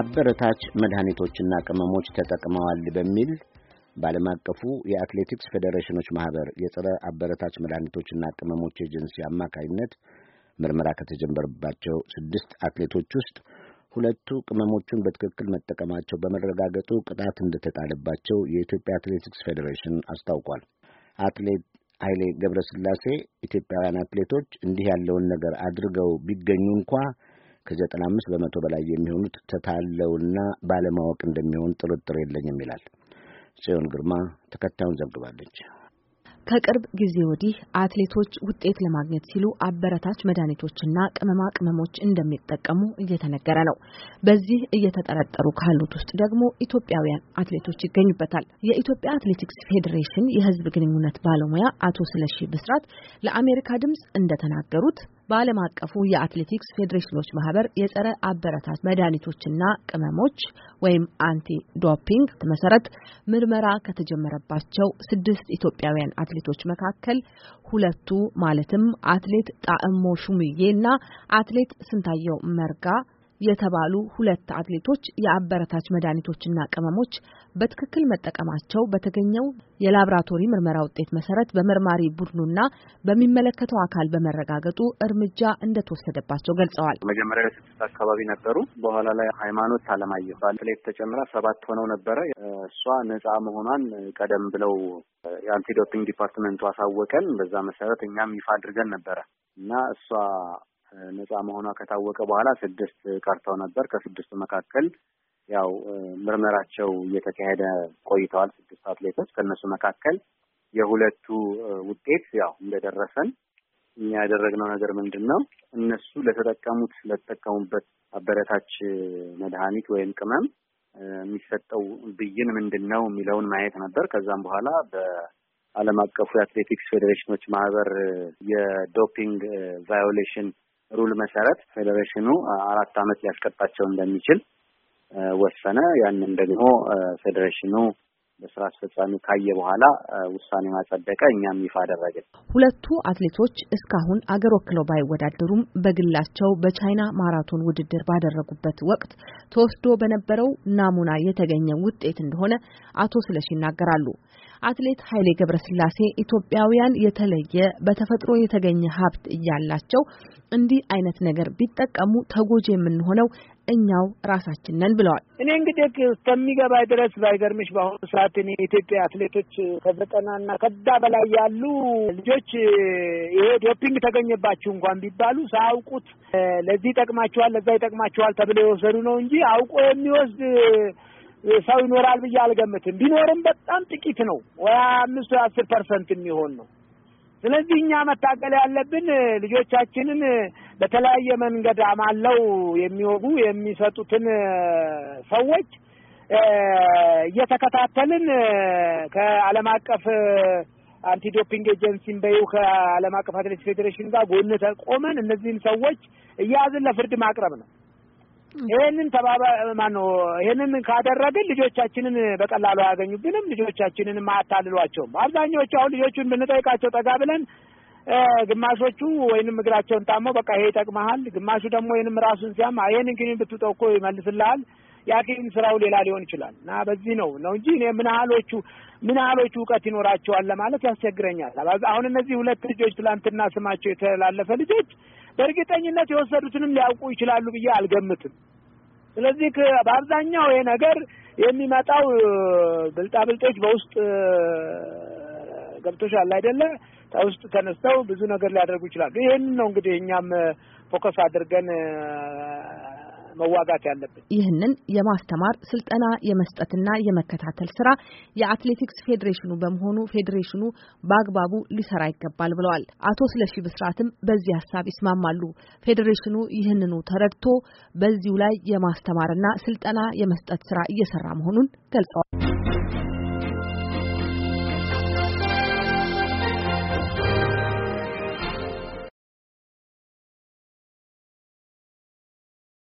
አበረታች መድኃኒቶችና ቅመሞች ተጠቅመዋል በሚል በዓለም አቀፉ የአትሌቲክስ ፌዴሬሽኖች ማህበር የጸረ አበረታች መድኃኒቶችና ቅመሞች ኤጀንሲ አማካኝነት ምርመራ ከተጀመረባቸው ስድስት አትሌቶች ውስጥ ሁለቱ ቅመሞቹን በትክክል መጠቀማቸው በመረጋገጡ ቅጣት እንደተጣለባቸው የኢትዮጵያ አትሌቲክስ ፌዴሬሽን አስታውቋል። አትሌት ኃይሌ ገብረስላሴ ኢትዮጵያውያን አትሌቶች እንዲህ ያለውን ነገር አድርገው ቢገኙ እንኳ ከ95 በመቶ በላይ የሚሆኑት ተታለውና ባለማወቅ እንደሚሆን ጥርጥር የለኝም ይላል። ጽዮን ግርማ ተከታዩን ዘግባለች። ከቅርብ ጊዜ ወዲህ አትሌቶች ውጤት ለማግኘት ሲሉ አበረታች መድኃኒቶችና ቅመማ ቅመሞች እንደሚጠቀሙ እየተነገረ ነው። በዚህ እየተጠረጠሩ ካሉት ውስጥ ደግሞ ኢትዮጵያውያን አትሌቶች ይገኙበታል። የኢትዮጵያ አትሌቲክስ ፌዴሬሽን የሕዝብ ግንኙነት ባለሙያ አቶ ስለሺ ብስራት ለአሜሪካ ድምጽ እንደተናገሩት በዓለም አቀፉ የአትሌቲክስ ፌዴሬሽኖች ማህበር የጸረ አበረታች መድኃኒቶችና ቅመሞች ወይም አንቲ ዶፒንግ መሰረት ምርመራ ከተጀመረባቸው ስድስት ኢትዮጵያውያን አትሌቶች መካከል ሁለቱ ማለትም አትሌት ጣዕሞ ሹምዬና አትሌት ስንታየው መርጋ የተባሉ ሁለት አትሌቶች የአበረታች መድኃኒቶችና ቅመሞች በትክክል መጠቀማቸው በተገኘው የላብራቶሪ ምርመራ ውጤት መሰረት በመርማሪ ቡድኑና በሚመለከተው አካል በመረጋገጡ እርምጃ እንደተወሰደባቸው ገልጸዋል። መጀመሪያ ስድስት አካባቢ ነበሩ። በኋላ ላይ ሃይማኖት አለማየሁ በአትሌት ተጨምራ ሰባት ሆነው ነበረ። እሷ ነጻ መሆኗን ቀደም ብለው የአንቲዶፒንግ ዲፓርትመንቱ አሳወቀን። በዛ መሰረት እኛም ይፋ አድርገን ነበረ እና እሷ ነጻ መሆኗ ከታወቀ በኋላ ስድስት ቀርተው ነበር። ከስድስቱ መካከል ያው ምርመራቸው እየተካሄደ ቆይተዋል። ስድስቱ አትሌቶች ከእነሱ መካከል የሁለቱ ውጤት ያው እንደደረሰን እኛ ያደረግነው ነገር ምንድን ነው? እነሱ ለተጠቀሙት ለተጠቀሙበት አበረታች መድኃኒት ወይም ቅመም የሚሰጠው ብይን ምንድን ነው የሚለውን ማየት ነበር። ከዛም በኋላ በዓለም አቀፉ የአትሌቲክስ ፌዴሬሽኖች ማህበር የዶፒንግ ቫዮሌሽን ሩል መሰረት ፌዴሬሽኑ አራት ዓመት ሊያስቀጣቸው እንደሚችል ወሰነ። ያንን ደግሞ ፌዴሬሽኑ በስራ አስፈጻሚ ካየ በኋላ ውሳኔ ማጸደቀ፣ እኛም ይፋ አደረግን። ሁለቱ አትሌቶች እስካሁን አገር ወክለው ባይወዳደሩም በግላቸው በቻይና ማራቶን ውድድር ባደረጉበት ወቅት ተወስዶ በነበረው ናሙና የተገኘ ውጤት እንደሆነ አቶ ስለሽ ይናገራሉ። አትሌት ኃይሌ ገብረስላሴ ኢትዮጵያውያን የተለየ በተፈጥሮ የተገኘ ሀብት እያላቸው እንዲህ አይነት ነገር ቢጠቀሙ ተጎጂ የምንሆነው እኛው ራሳችን ነን ብለዋል። እኔ እንግዲህ እስከሚገባ ድረስ ባይገርምሽ፣ በአሁኑ ሰዓት እኔ የኢትዮጵያ አትሌቶች ከዘጠናና ከዛ በላይ ያሉ ልጆች ይሄ ዶፒንግ ተገኘባችሁ እንኳን ቢባሉ ሳያውቁት ለዚህ ይጠቅማችኋል፣ ለዛ ይጠቅማችኋል ተብለው የወሰዱ ነው እንጂ አውቆ የሚወስድ ሰው ይኖራል ብዬ አልገምትም። ቢኖርም በጣም ጥቂት ነው፣ ወይ አምስት ወይ አስር ፐርሰንት የሚሆን ነው። ስለዚህ እኛ መታቀል ያለብን ልጆቻችንን በተለያየ መንገድ አማለው የሚወጉ የሚሰጡትን ሰዎች እየተከታተልን ከዓለም አቀፍ አንቲዶፒንግ ኤጀንሲን በይው ከዓለም አቀፍ አትሌቲክስ ፌዴሬሽን ጋር ጎን ተቆመን እነዚህን ሰዎች እያያዝን ለፍርድ ማቅረብ ነው። ይህንን ተባበ ማን ነው ይህንን ካደረግን ልጆቻችንን በቀላሉ አያገኙብንም፣ ልጆቻችንን አያታልሏቸውም። አብዛኛዎቹ አሁን ልጆቹን ብንጠይቃቸው ጠጋ ብለን ግማሾቹ ወይንም እግራቸውን ጣመው በቃ ይሄ ይጠቅመሃል፣ ግማሹ ደግሞ ወይንም ራሱን ሲያም ይህንን ግን ብትውጠው እኮ ይመልስልሃል። ያኪን ስራው ሌላ ሊሆን ይችላል እና በዚህ ነው ነው እንጂ እኔ ምን ያህሎቹ ምን ያህሎቹ እውቀት ይኖራቸዋል ለማለት ያስቸግረኛል። አሁን እነዚህ ሁለት ልጆች ትላንትና ስማቸው የተላለፈ ልጆች በእርግጠኝነት የወሰዱትንም ሊያውቁ ይችላሉ ብዬ አልገምትም። ስለዚህ በአብዛኛው ይሄ ነገር የሚመጣው ብልጣብልጦች በውስጥ ገብቶሻል አይደለ? ውስጥ ተነስተው ብዙ ነገር ሊያደርጉ ይችላሉ። ይህንን ነው እንግዲህ እኛም ፎከስ አድርገን መዋጋት ያለብን። ይህንን የማስተማር ስልጠና የመስጠትና የመከታተል ስራ የአትሌቲክስ ፌዴሬሽኑ በመሆኑ ፌዴሬሽኑ በአግባቡ ሊሰራ ይገባል ብለዋል። አቶ ስለሺ ብስራትም በዚህ ሀሳብ ይስማማሉ። ፌዴሬሽኑ ይህንኑ ተረድቶ በዚሁ ላይ የማስተማርና ስልጠና የመስጠት ስራ እየሰራ መሆኑን ገልጸዋል።